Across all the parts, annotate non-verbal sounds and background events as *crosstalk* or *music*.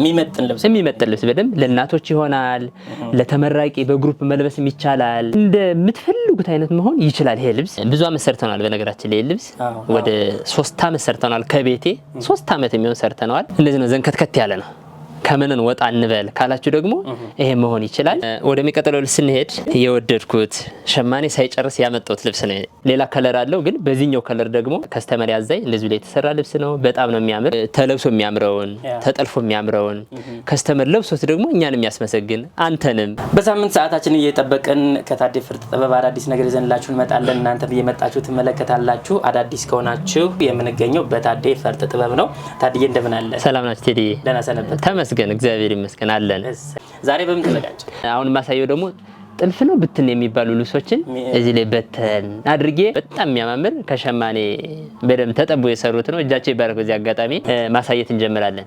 የሚመጥን ልብስ የሚመጥን ልብስ በደንብ ለእናቶች ይሆናል። ለተመራቂ በግሩፕ መልበስም ይቻላል። እንደምትፈልጉት አይነት መሆን ይችላል። ይሄ ልብስ ብዙ አመት ሰርተናል። በነገራችን ይሄ ልብስ ወደ ሶስት አመት ሰርተናል። ከቤቴ ሶስት አመት የሚሆን ሰርተነዋል። እንደዚህ ነው። ዘንከትከት ያለ ነው። ከምንን ወጣ እንበል ካላችሁ ደግሞ ይሄ መሆን ይችላል። ወደሚቀጥለው ስንሄድ የወደድኩት ሸማኔ ሳይጨርስ ያመጣሁት ልብስ ነው። ሌላ ከለር አለው፣ ግን በዚህኛው ከለር ደግሞ ከስተመር ያዛኝ እንደዚህ ላይ የተሰራ ልብስ ነው። በጣም ነው የሚያምር። ተለብሶ የሚያምረውን ተጠልፎ የሚያምረውን ከስተመር ለብሶት ደግሞ እኛን የሚያስመሰግን አንተንም። በሳምንት ሰዓታችን እየጠበቅን ከታዴ ፍርጥ ጥበብ አዳዲስ ነገር ይዘንላችሁ እንመጣለን። እናንተ እየመጣችሁ ትመለከታላችሁ። አዳዲስ ከሆናችሁ የምንገኘው በታዴ ፈርጥ ጥበብ ነው። ታድዬ እንደምን አለ? ሰላም ናችሁ? ቴዲዬ ደህና ሰነበት ይመስገን፣ እግዚአብሔር ይመስገን አለን። ዛሬ በምን ተዘጋጀ? አሁን የማሳየው ደግሞ ጥልፍ ነው። ብትን የሚባሉ ልብሶችን እዚህ ላይ በተን አድርጌ በጣም የሚያማምር ከሸማኔ በደንብ ተጠቦ የሰሩት ነው። እጃቸው ይባረክ። በዚህ አጋጣሚ ማሳየት እንጀምራለን።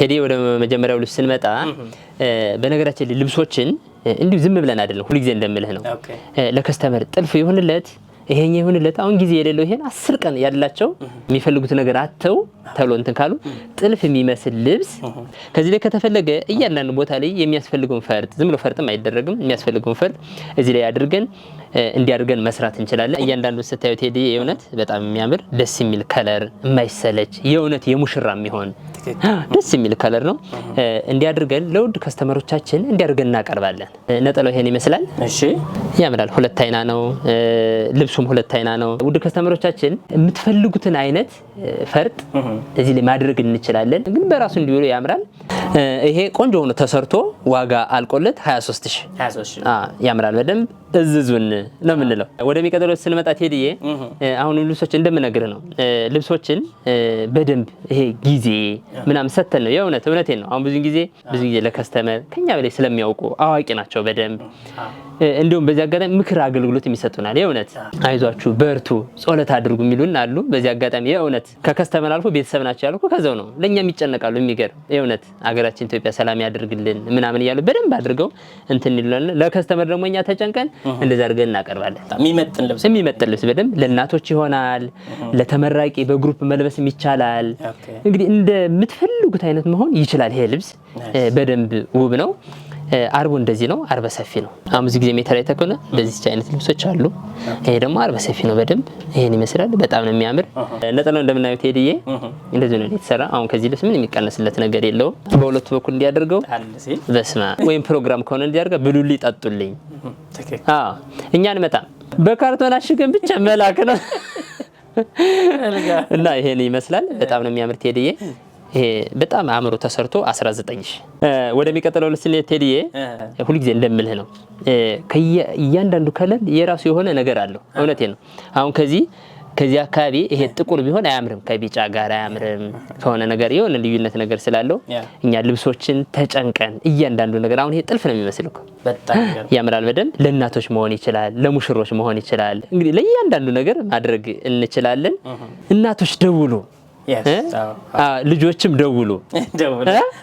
ቴዲ፣ ወደ መጀመሪያው ልብስ ስንመጣ በነገራችን ልብሶችን እንዲሁ ዝም ብለን አይደለም ሁልጊዜ እንደምልህ ነው ለከስተመር ጥልፍ የሆንለት ይሄኛ ይሁንለት አሁን ጊዜ የሌለው ይሄን አስር ቀን ያላቸው የሚፈልጉት ነገር አተው ተብሎ እንትን ካሉ ጥልፍ የሚመስል ልብስ ከዚህ ላይ ከተፈለገ እያንዳንዱ ቦታ ላይ የሚያስፈልገውን ፈርጥ ዝም ብሎ ፈርጥም አይደረግም። የሚያስፈልገውን ፈርጥ እዚህ ላይ አድርገን እንዲያድርገን መስራት እንችላለን። እያንዳንዱ ስታዩት ቴዲ የእውነት በጣም የሚያምር ደስ የሚል ከለር የማይሰለች የእውነት የሙሽራ የሚሆን ደስ የሚል ከለር ነው። እንዲያደርገን ለውድ ከስተመሮቻችን እንዲያድርገን እናቀርባለን። ነጠላው ይሄን ይመስላል። እሺ ያምራል። ሁለት አይና ነው ልብሱም ሁለት አይና ነው። ውድ ከስተመሮቻችን የምትፈልጉትን አይነት ፈርጥ እዚህ ላይ ማድረግ እንችላለን። ግን በራሱ እንዲሁ ያምራል። ይሄ ቆንጆ ሆኖ ተሰርቶ ዋጋ አልቆለት 23 ያምራል። በደንብ እዝዙን ነው የምንለው። ወደሚቀጥለው ስንመጣ ቴዲዬ፣ አሁን ልብሶች እንደምነግርህ ነው ልብሶችን በደንብ ይሄ ጊዜ ምናምን ሰተን ነው የእውነት እውነቴን ነው። አሁን ብዙ ጊዜ ብዙ ጊዜ ለከስተመር ከኛ በላይ ስለሚያውቁ አዋቂ ናቸው በደንብ እንዲሁም በዚህ አጋጣሚ ምክር አገልግሎት የሚሰጡናል። የእውነት አይዟችሁ፣ በርቱ፣ ጸሎት አድርጉ የሚሉን አሉ። በዚህ አጋጣሚ የእውነት ከከስተመር አልፎ ቤተሰብ ናቸው ያልኩ ከዘው ነው። ለእኛም ይጨነቃሉ። የሚገርም የእውነት አገራችን ኢትዮጵያ ሰላም ያደርግልን ምናምን እያሉ በደንብ አድርገው እንትን ይሉናል። ለከስተመር ደግሞ እኛ ተጨንቀን እንደዛ አድርገን እናቀርባለን። የሚመጥን ልብስ በደንብ ለእናቶች ይሆናል፣ ለተመራቂ በግሩፕ መልበስም ይቻላል። እንግዲህ እንደምትፈልጉት አይነት መሆን ይችላል። ይሄ ልብስ በደንብ ውብ ነው። አርቡ እንደዚህ ነው። አርበ ሰፊ ነው። አምስት ጊዜ ሜትር የተከለ እንደዚህ አይነት ልብሶች አሉ። ይሄ ደግሞ አርበ ሰፊ ነው። በደንብ ይሄን ይመስላል። በጣም ነው የሚያምር። ነጠላው እንደምናየው ቴዲዬ እንደዚህ ነው የተሰራ። አሁን ከዚህ ልብስ ምን የሚቀነስለት ነገር የለውም። በሁለቱ በኩል እንዲያደርገው በስማ ወይም ፕሮግራም ከሆነ እንዲያደርገ ብሉል ጠጡልኝ አዎ እኛን አንመጣም። በካርቶን አሽገን ብቻ መላክ ነው *laughs* እና ይሄን ይመስላል። በጣም ነው የሚያምር ቴዲዬ ይሄ በጣም አእምሮ ተሰርቶ 19 ሺህ። ወደሚቀጥለው ልስል ቴዲዬ ሁልጊዜ እንደምልህ ነው፣ እያንዳንዱ ከለር የራሱ የሆነ ነገር አለው። እውነቴ ነው። አሁን ከዚህ ከዚህ አካባቢ ይሄ ጥቁር ቢሆን አያምርም፣ ከቢጫ ጋር አያምርም። ከሆነ ነገር የሆነ ልዩነት ነገር ስላለው እኛ ልብሶችን ተጨንቀን እያንዳንዱ ነገር አሁን ይሄ ጥልፍ ነው የሚመስልኩ ያምራል በደንብ ለእናቶች መሆን ይችላል፣ ለሙሽሮች መሆን ይችላል። እንግዲህ ለእያንዳንዱ ነገር ማድረግ እንችላለን። እናቶች ደውሉ ልጆችም ደውሉ።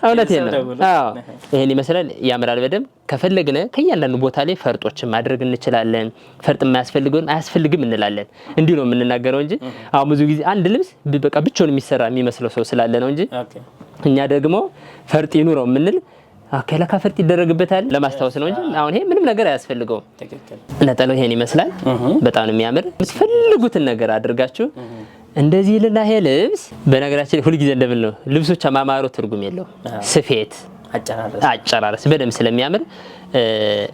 እውነት ነው። ይህን ይመስላል። ያምራል በደንብ ከፈለግነ ከእያንዳንዱ ቦታ ላይ ፈርጦችን ማድረግ እንችላለን። ፈርጥ የማያስፈልገውን አያስፈልግም እንላለን። እንዲ ነው የምንናገረው እንጂ አሁን ብዙ ጊዜ አንድ ልብስ በቃ ብቻውን የሚሰራ የሚመስለው ሰው ስላለ ነው እንጂ እኛ ደግሞ ፈርጥ ይኑረው የምንል ከለካ ፈርጥ ይደረግበታል ለማስታወስ ነው እንጂ አሁን ይሄ ምንም ነገር አያስፈልገውም። ነጠለው ይሄን ይመስላል። በጣም የሚያምር የምትፈልጉትን ነገር አድርጋችሁ እንደዚህ ልና ይሄ ልብስ በነገራችን ሁልጊዜ እንደምን ነው ልብሶች አማማሩ ትርጉም የለው ስፌት አጨራረስ በደንብ ስለሚያምር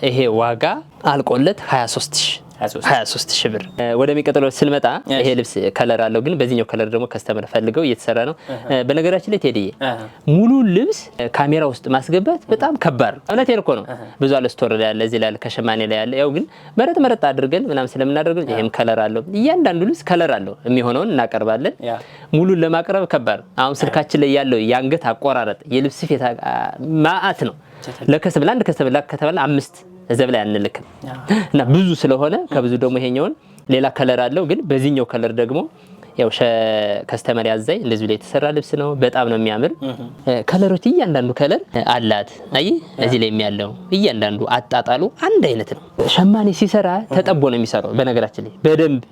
ይሄ ዋጋ አልቆለት 23 ሺህ 23 ሺህ ብር። ወደሚቀጥለው ስልመጣ ይሄ ልብስ ከለር አለው፣ ግን በዚህኛው ከለር ደግሞ ከስተመር ፈልገው እየተሰራ ነው። በነገራችን ላይ ቴዲዬ ሙሉ ልብስ ካሜራ ውስጥ ማስገባት በጣም ከባድ ነው። እውነቴን እኮ ነው። ብዙ አለ፣ ስቶር ላይ ያለ፣ እዚህ ላይ ከሸማኔ ላይ ያለ። ያው ግን መረጥ መረጥ አድርገን ምናምን ስለምናደርገ ይሄም ከለር አለው። እያንዳንዱ ልብስ ከለር አለው። የሚሆነውን እናቀርባለን። ሙሉን ለማቅረብ ከባድ ነው። አሁን ስልካችን ላይ ያለው የአንገት አቆራረጥ፣ የልብስ ፌታ ማአት ነው። ለከስብ ለአንድ ከስብ ከተባለ አምስት ዘብ ላይ አንልክም እና ብዙ ስለሆነ ከብዙ ደግሞ ይሄኛውን ሌላ ከለር አለው። ግን በዚህኛው ከለር ደግሞ ያው ከስተመር ያዛኝ እንደዚህ ላይ የተሰራ ልብስ ነው። በጣም ነው የሚያምር። ከለሮች እያንዳንዱ ከለር አላት። አይ እዚህ ላይ የሚያለው እያንዳንዱ አጣጣሉ አንድ አይነት ነው። ሸማኔ ሲሰራ ተጠቦ ነው የሚሰራው። በነገራችን ላይ በደንብ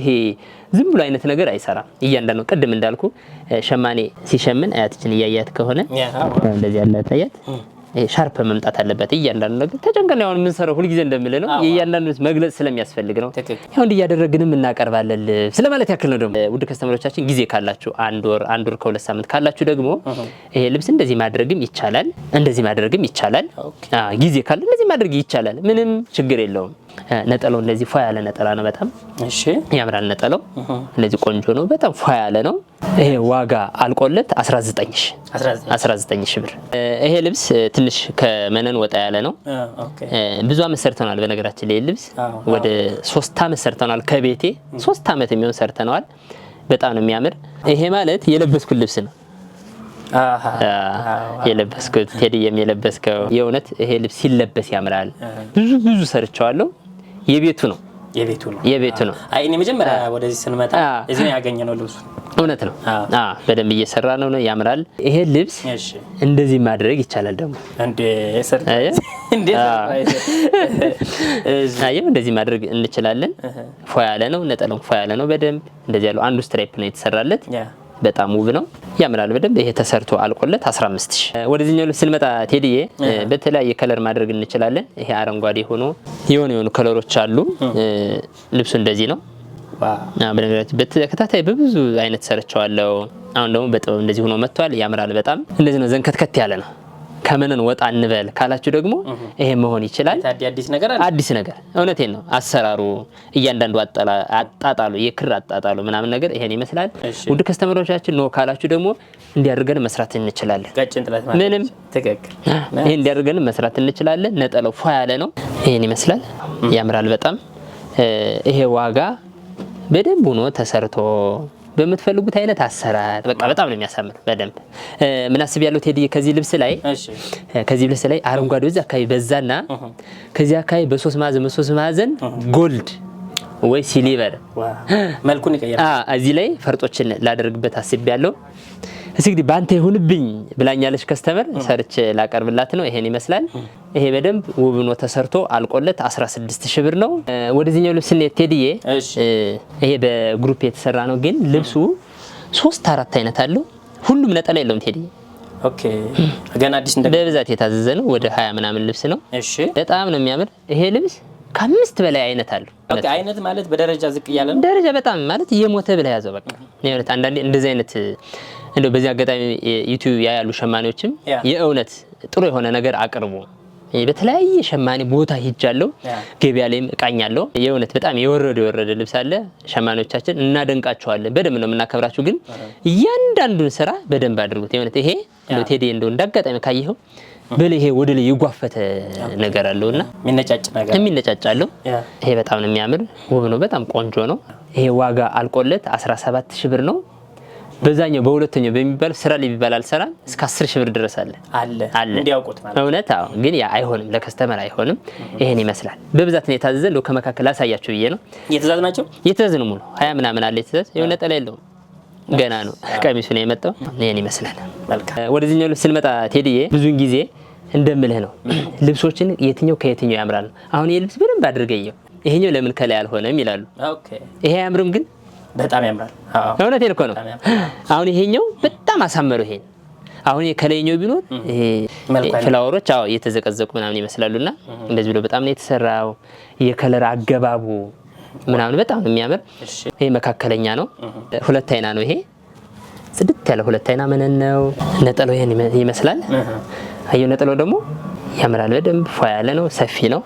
ይሄ ዝም ብሎ አይነት ነገር አይሰራም። እያንዳንዱ ቅድም እንዳልኩ ሸማኔ ሲሸምን አያትችን እያያት ከሆነ እንደዚህ ያላት አያት ሻርፕ መምጣት አለበት። እያንዳንዱ ነገር ተጨንቀን ያሁን የምንሰራው ሁልጊዜ እንደምልህ ነው። የእያንዳንዱ መግለጽ ስለሚያስፈልግ ነው። ያው እያደረግንም እናቀርባለን ስለማለት ያክል ነው። ደግሞ ውድ ከስተመሮቻችን ጊዜ ካላችሁ አንድ ወር አንድ ወር ከሁለት ሳምንት ካላችሁ ደግሞ ይሄ ልብስ እንደዚህ ማድረግም ይቻላል፣ እንደዚህ ማድረግም ይቻላል፣ ጊዜ ካለ እንደዚህ ማድረግ ይቻላል። ምንም ችግር የለውም። ነጠላው እንደዚህ ፏ ያለ ነጠላ ነው። በጣም እሺ፣ ያምራል። ነጠላው እንደዚህ ቆንጆ ነው። በጣም ፏ ያለ ነው። ይሄ ዋጋ አልቆለት 19 ሺ 19 ሺ ብር። ይሄ ልብስ ትንሽ ከመነን ወጣ ያለ ነው። ብዙ አመት ሰርተናል። በነገራችን ላይ ልብስ ወደ ሶስት አመት ሰርተናል። ከቤቴ ሶስት አመት የሚሆን ሰርተነዋል። በጣም ነው የሚያምር። ይሄ ማለት የለበስኩት ልብስ ነው የለበስኩት ቴዲየም የለበስከው የእውነት ይሄ ልብስ ሲለበስ ያምራል። ብዙ ብዙ ሰርቸዋለሁ። የቤቱ ነው የቤቱ ነው የቤቱ ነው። አይ እኔ መጀመሪያ ወደዚህ ስንመጣ እዚህ ነው ያገኘነው ልብሱ። እውነት ነው። አዎ በደንብ እየሰራ ነው ነው ያምራል። ይሄ ልብስ እንደዚህ ማድረግ ይቻላል ደግሞ እንዴ እንደዚህ ማድረግ እንችላለን። ፎ ያለ ነው ነጠላው፣ ፎ ያለ ነው በደንብ እንደዚህ ያለው አንዱ ስትራይፕ ነው የተሰራለት በጣም ውብ ነው ያምራል። በደንብ ይሄ ተሰርቶ አልቆለት 15000 ወደዚህኛው ልብስ ስንመጣ ቴዲዬ በተለያየ ከለር ማድረግ እንችላለን። ይሄ አረንጓዴ ሆኖ የሆነ የሆኑ ከለሮች አሉ። ልብሱ እንደዚህ ነው። በነገራችን በተከታታይ በብዙ አይነት አለው አሁን ደግሞ በጥበብ እንደዚህ ሆኖ መጥቷል። ያምራል በጣም እንደዚህ ነው። ዘንከትከት ያለ ነው ከምንን ወጣ እንበል ካላችሁ ደግሞ ይሄ መሆን ይችላል። አዲስ ነገር አዲስ ነገር እውነቴን ነው። አሰራሩ እያንዳንዱ አጣጣሉ፣ የክር አጣጣሉ ምናምን ነገር ይሄን ይመስላል። ውድ ከስተመሮቻችን ነው ካላችሁ ደግሞ እንዲያደርገን መስራት እንችላለን። ምንም ትክክል። ይሄን እንዲያደርገን መስራት እንችላለን። ነጠለው ፏ ያለ ነው። ይሄን ይመስላል። ያምራል በጣም ይሄ ዋጋ በደንብ ሆኖ ተሰርቶ በምትፈልጉት አይነት አሰራር በቃ በጣም ነው የሚያሳምር። በደንብ ምን አስብ ያለው ቴዲ ከዚህ ልብስ ላይ ከዚህ ልብስ ላይ አረንጓዴ በዚህ አካባቢ በዛና ከዚህ አካባቢ በሶስት ማዕዘን በሶስት ማዕዘን ጎልድ ወይ ሲሊቨር መልኩን ይቀየራል። እዚህ ላይ ፈርጦችን ላደርግበት አስብ ያለው እዚህ እንግዲህ ባንተ ይሁንብኝ ብላኛለች። ከስተመር ሰርች ላቀርብላት ነው። ይሄን ይመስላል። ይሄ በደንብ ውብ ነው ተሰርቶ አልቆለት 16 ሺህ ብር ነው። ወደዚህኛው ልብስ እንዴት ቴዲዬ፣ ይሄ በግሩፕ የተሰራ ነው፣ ግን ልብሱ ሶስት አራት አይነት አለው። ሁሉም ነጠላ የለውም ቴዲዬ። ኦኬ ገና አዲስ እንደ በብዛት የታዘዘ ነው። ወደ 20 ምናምን ልብስ ነው። እሺ በጣም ነው የሚያምር ይሄ ልብስ ከአምስት በላይ አይነት አሉ። አይነት ማለት በደረጃ ዝቅ እያለ ነው። ደረጃ በጣም ማለት የሞተ ብለህ ያዘው በቃ። ነው አንዳንዴ እንደዚህ አይነት እንደው በዚህ አጋጣሚ ዩቲዩብ ያሉ ሸማኔዎችም የእውነት ጥሩ የሆነ ነገር አቅርቡ። በተለያየ ሸማኔ ቦታ ሂጃለሁ፣ ገበያ ላይም እቃኛለሁ። የእውነት በጣም የወረደ የወረደ ልብስ አለ። ሸማኔዎቻችን እናደንቃቸዋለን፣ በደንብ ነው የምናከብራችሁ። ግን እያንዳንዱን ስራ በደንብ አድርጉት። የእውነት ይሄ ቴዲ እንደው እንዳጋጣሚ ካየኸው በል ይሄ ወደ ላይ የጓፈተ ነገር አለው እና የሚነጫጭ ነገር የሚነጫጭ አለው። ይሄ በጣም ነው የሚያምር ውብ ነው፣ በጣም ቆንጆ ነው። ይሄ ዋጋ አልቆለት 17 ሺህ ብር ነው። በዛኛው በሁለተኛው በሚባል ስራ ላይ ቢባል አልሰራም እስከ 10 ሺህ ብር ድረስ አለ አለ እንዲያውቁት ማለት እውነት። አዎ፣ ግን ያ አይሆንም፣ ለከስተመር አይሆንም። ይሄን ይመስላል። በብዛት ነው የታዘዘ። ለው ከመካከል ላሳያችሁ ብዬ ነው። የትእዛዝ ናቸው የትእዛዝ ነው ሙሉ ሀያ ምናምን አለ የትእዛዝ የሆነ ነጠላ የለውም። ገና ነው ቀሚሱ ነው የመጣው። ይሄን ይመስላል። ወደዚህኛው ልብስ ስንመጣ ቴዲዬ ብዙን ጊዜ እንደምልህ ነው ልብሶችን የትኛው ከየትኛው ያምራል። አሁን ይሄ ልብስ በደንብ አድርገየው ይሄኛው ለምን ከላይ አልሆነም ይላሉ። ይሄ አያምርም ግን በጣም ያምራል። እውነቴን እኮ ነው። አሁን ይሄኛው በጣም አሳመረው። ይሄን አሁን ከላይኛው ቢኖር ፍላወሮች አዎ እየተዘቀዘቁ ምናምን ይመስላሉና እንደዚህ ብሎ በጣም ነው የተሰራው። የከለር አገባቡ ምናምን በጣም ነው የሚያምር። ይሄ መካከለኛ ነው፣ ሁለት አይና ነው። ይሄ ጽድት ያለ ሁለት አይና መነን ነው። ነጠላው ይሄን ይመስላል። አየው ነጠላው ደግሞ ያምራል። በደንብ ፏ ያለ ነው፣ ሰፊ ነው።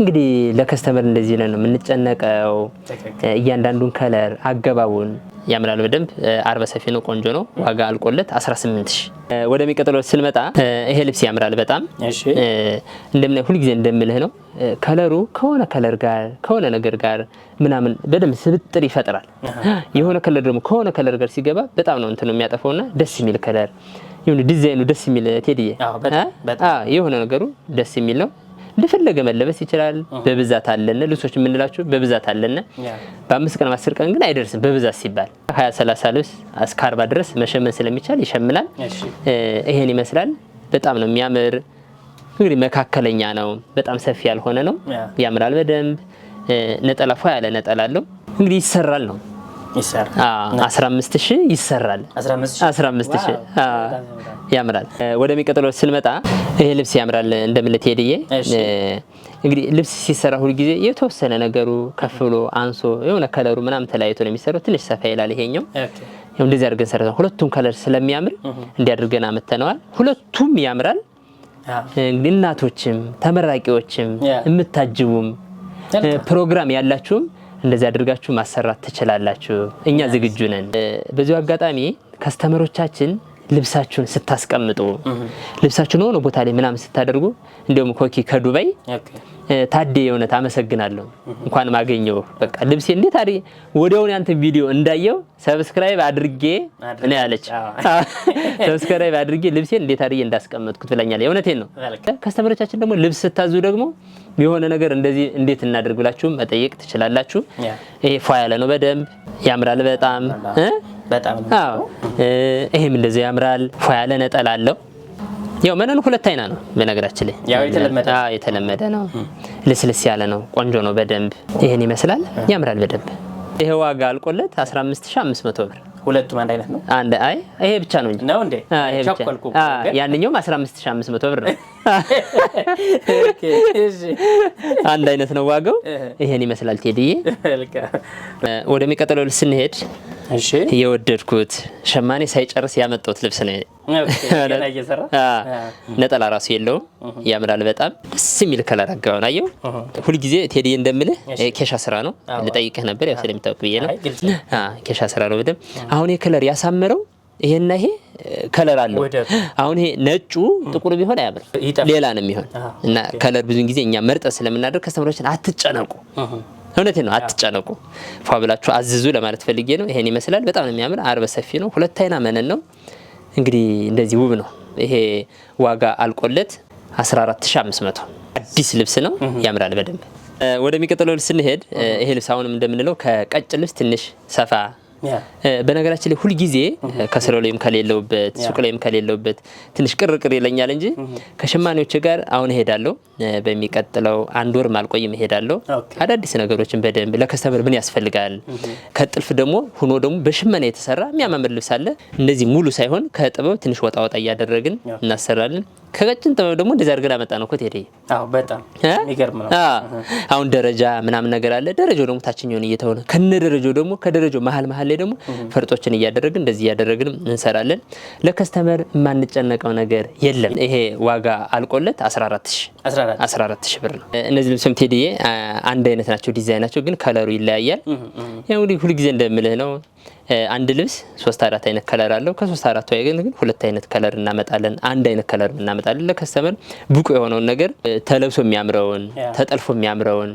እንግዲህ ለከስተመር እንደዚህ ነው የምንጨነቀው። እያንዳንዱን ከለር አገባቡን ያምራል በደንብ አርበ ሰፊ ነው፣ ቆንጆ ነው። ዋጋ አልቆለት 18 ሺህ። ወደሚቀጥለው ስንመጣ ይሄ ልብስ ያምራል በጣም እንደምን፣ ሁልጊዜ እንደምልህ ነው። ከለሩ ከሆነ ከለር ጋር ከሆነ ነገር ጋር ምናምን በደንብ ስብጥር ይፈጥራል። የሆነ ከለር ደግሞ ከሆነ ከለር ጋር ሲገባ በጣም ነው እንትን ና ደስ የሚል ከለር ዲዛይኑ ደስ የሚል ቴዲዬ የሆነ ነገሩ ደስ የሚል ነው። እንደፈለገ መለበስ ይችላል። በብዛት አለነ ልብሶች የምንላቸው በብዛት አለነ። በአምስት ቀን አስር ቀን ግን አይደርስም። በብዛት ሲባል ሀያ ሰላሳ ልብስ እስከ አርባ ድረስ መሸመን ስለሚቻል ይሸምናል። ይሄን ይመስላል። በጣም ነው የሚያምር። እንግዲህ መካከለኛ ነው፣ በጣም ሰፊ ያልሆነ ነው። ያምራል በደንብ ነጠላ ፏ ያለ ነጠላ አለው። እንግዲህ ይሰራል ነው ይሰራል። 15000 ይሰራል። 15000 ያምራል። ወደሚቀጥለው ስንመጣ ይሄ ልብስ ያምራል እንደምለት ሄድዬ እንግዲህ ልብስ ሲሰራ ሁል ጊዜ የተወሰነ ነገሩ ከፍ ብሎ አንሶ የሆነ ከለሩ ምናምን ተለያይቶ ነው የሚሰራው። ትንሽ ሰፋ ይላል ይሄኛው ያው እንደዚህ አድርገን ሰርተናል። ሁለቱም ከለር ስለሚያምር እንዲያድርገን አመተነዋል። ሁለቱም ያምራል። እናቶችም ተመራቂዎችም የምታጅቡም ፕሮግራም ያላችሁም እንደዚህ አድርጋችሁ ማሰራት ትችላላችሁ። እኛ ዝግጁ ነን። በዚሁ አጋጣሚ ከስተመሮቻችን ልብሳችሁን ስታስቀምጡ ልብሳችሁን ሆነ ቦታ ላይ ምናምን ስታደርጉ እንዲሁም ኮኪ ከዱባይ ታዴ የእውነት አመሰግናለሁ። እንኳን ማገኘው በቃ ልብሴ እንዴት አ ወዲያውን ያንተ ቪዲዮ እንዳየው ሰብስክራይብ አድርጌ ነው ያለች። *laughs* ሰብስክራይብ አድርጌ ልብሴን እንዴት አሪ እንዳስቀመጥኩት ብላኛለች። የእውነቴን ነው። ከስተመሮቻችን ደግሞ ልብስ ስታዙ ደግሞ የሆነ ነገር እንደዚህ እንዴት እናደርግ ብላችሁ መጠየቅ ትችላላችሁ። ይሄ ፏ ያለ ነው፣ በደንብ ያምራል በጣም በጣም። ይሄም እንደዚህ ያምራል። ፏ ያለ ነጠላ አለው። ያው መነኑ ሁለት አይና ነው በነገራችን ላይ ያው የተለመደ ነው። ልስልስ ያለ ነው፣ ቆንጆ ነው በደንብ ይሄን ይመስላል፣ ያምራል በደንብ ይሄ ዋጋ አልቆለት 15500 ብር ሁለቱም አንድ አይነት ነው። አንድ አይ ይሄ ብቻ ነው እንጂ ነው እንዴ? ይሄ ብቻ ያንኛውም 15500 ብር ነው። *laughs* አንድ አይነት ነው ዋጋው። ይሄን ይመስላል ቴዲዬ። ወደሚቀጥለው ልብስ ስንሄድ የወደድኩት ሸማኔ ሳይጨርስ ያመጣሁት ልብስ ነው። *laughs* ነጠላ ራሱ የለውም። ያምራል። በጣም ደስ የሚል ከለር አገባውን ናየው። ሁልጊዜ ቴዲ እንደምልህ ኬሻ ስራ ነው። ልጠይቅህ ነበር ያው ስለሚታወቅ ብዬ ነው። ኬሻ ስራ ነው በደምብ አሁን ይሄ ከለር ያሳመረው ይሄና ይሄ ከለር አለው። አሁን ይሄ ነጩ ጥቁር ቢሆን አያምር፣ ሌላ ነው የሚሆን እና ከለር ብዙን ጊዜ እኛ መርጠ ስለምናደርግ ከስተምሮችን አትጨነቁ። እውነቴ ነው፣ አትጨነቁ። ፏ ብላችሁ አዝዙ ለማለት ፈልጌ ነው። ይሄን ይመስላል። በጣም ነው የሚያምር። አርበ ሰፊ ነው። ሁለት አይና መነን ነው እንግዲህ እንደዚህ ውብ ነው። ይሄ ዋጋ አልቆለት 14500 አዲስ ልብስ ነው። ያምራል በደንብ። ወደሚቀጥለው ልብስ ስንሄድ ይሄ ልብስ አሁንም እንደምንለው ከቀጭን ልብስ ትንሽ ሰፋ በነገራችን ላይ ሁልጊዜ ከስራው ላይም ከሌለውበት ሱቅ ላይም ከሌለውበት ትንሽ ቅርቅር ይለኛል እንጂ ከሸማኔዎች ጋር አሁን እሄዳለሁ። በሚቀጥለው አንድ ወር ማልቆይም እሄዳለሁ። አዳዲስ ነገሮችን በደንብ ለከስተመር ምን ያስፈልጋል፣ ከጥልፍ ደግሞ ሁኖ ደግሞ በሽመና የተሰራ የሚያማምር ልብስ አለ። እንደዚህ ሙሉ ሳይሆን ከጥበብ ትንሽ ወጣ ወጣ እያደረግን እናሰራለን። ከቀጭን ጥበብ ደግሞ እንደዚህ አድርገን አመጣ ነው ኮት ሄደ። አሁን ደረጃ ምናምን ነገር አለ። ደረጃው ደግሞ ታችኛውን እየተሆነ ከነ ደረጃው ደግሞ ከደረጃው መሀል መሀል ላይ ደግሞ ፈርጦችን እያደረግን እንደዚህ እያደረግን እንሰራለን። ለከስተመር የማንጨነቀው ነገር የለም። ይሄ ዋጋ አልቆለት 14 ሺ ብር ነው። እነዚህ ልብስም ቴዲዬ አንድ አይነት ናቸው፣ ዲዛይናቸው ግን ከለሩ ይለያያል። ያው እንግዲህ ሁልጊዜ እንደምልህ ነው አንድ ልብስ ሶስት አራት አይነት ከለር አለው። ከሶስት አራቱ ግን ግን ሁለት አይነት ከለር እናመጣለን፣ አንድ አይነት ከለር እናመጣለን። ለከስተመር ብቁ የሆነውን ነገር ተለብሶ የሚያምረውን ተጠልፎ የሚያምረውን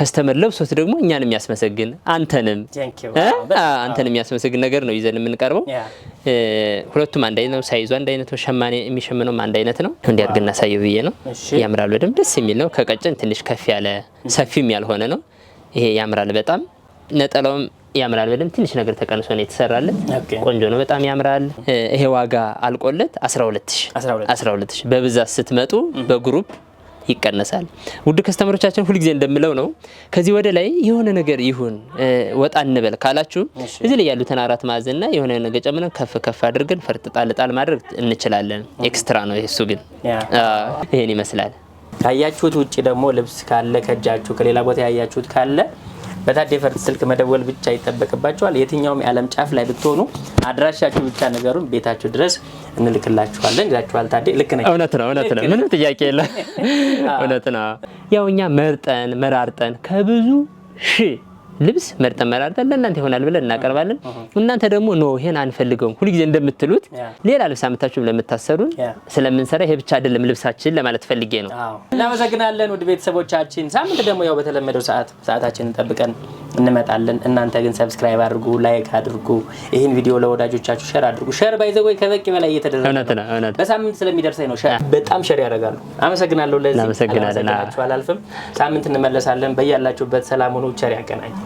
ከስተመር ለብሶት ደግሞ እኛን የሚያስመሰግን አንተንም አንተን የሚያስመሰግን ነገር ነው ይዘን የምንቀርበው። ሁለቱም አንድ አይነት ነው፣ ሳይዙ አንድ አይነት ነው፣ ሸማኔ የሚሸምነውም አንድ አይነት ነው። እንዲ አድርግ እናሳየው ብዬ ነው። ያምራል፣ በደምብ ደስ የሚል ነው። ከቀጭን ትንሽ ከፍ ያለ ሰፊም ያልሆነ ነው። ይሄ ያምራል በጣም ነጠላውም ያምራል በደንብ ትንሽ ነገር ተቀንሶ ነው የተሰራለት። ቆንጆ ነው፣ በጣም ያምራል። ይሄ ዋጋ አልቆለት 12 ሺ በብዛት ስትመጡ በግሩፕ ይቀነሳል። ውድ ከስተመሮቻችን ሁልጊዜ እንደምለው ነው፣ ከዚህ ወደ ላይ የሆነ ነገር ይሁን ወጣ እንበል ካላችሁ እዚህ ላይ ያሉትን አራት ማዕዘንና የሆነ ነገር ጨምረን ከፍ ከፍ አድርገን ፈርጥ ጣል ጣል ማድረግ እንችላለን። ኤክስትራ ነው እሱ። ግን ይህን ይመስላል። ካያችሁት ውጭ ደግሞ ልብስ ካለ ከእጃችሁ ከሌላ ቦታ ያያችሁት ካለ በታዴ ስልክ መደወል ብቻ ይጠበቅባቸዋል። የትኛውም የዓለም ጫፍ ላይ ብትሆኑ አድራሻችሁ ብቻ ነገሩን ቤታችሁ ድረስ እንልክላችኋለን ይላችኋል። ታዴ ልክ ነ እውነት ነው፣ እውነት ነው። ምንም ጥያቄ የለ እውነት ነው። ያው እኛ መርጠን መራርጠን ከብዙ ሺህ ልብስ መርጠን መራርጠን ለእናንተ ይሆናል ብለን እናቀርባለን። እናንተ ደግሞ ኖ ይሄን አንፈልገውም ሁልጊዜ እንደምትሉት ሌላ ልብስ አመታችሁ ለምታሰሩን ስለምንሰራ ይሄ ብቻ አይደለም ልብሳችን ለማለት ፈልጌ ነው። እናመሰግናለን ውድ ቤተሰቦቻችን። ሳምንት ደግሞ ያው በተለመደው ሰዓት ሰዓታችንን ጠብቀን እንመጣለን። እናንተ ግን ሰብስክራይብ አድርጉ፣ ላይክ አድርጉ፣ ይህን ቪዲዮ ለወዳጆቻችሁ ሸር አድርጉ። ሸር ባይዘወይ ከበቂ በላይ እየተደረገ በሳምንት ስለሚደርሰኝ ነው በጣም ሸር ያደርጋሉ። አመሰግናለሁ። ለዚህ አላልፍም። ሳምንት እንመለሳለን። በያላችሁበት ሰላም ሁኑ። ቸር ያገናኝ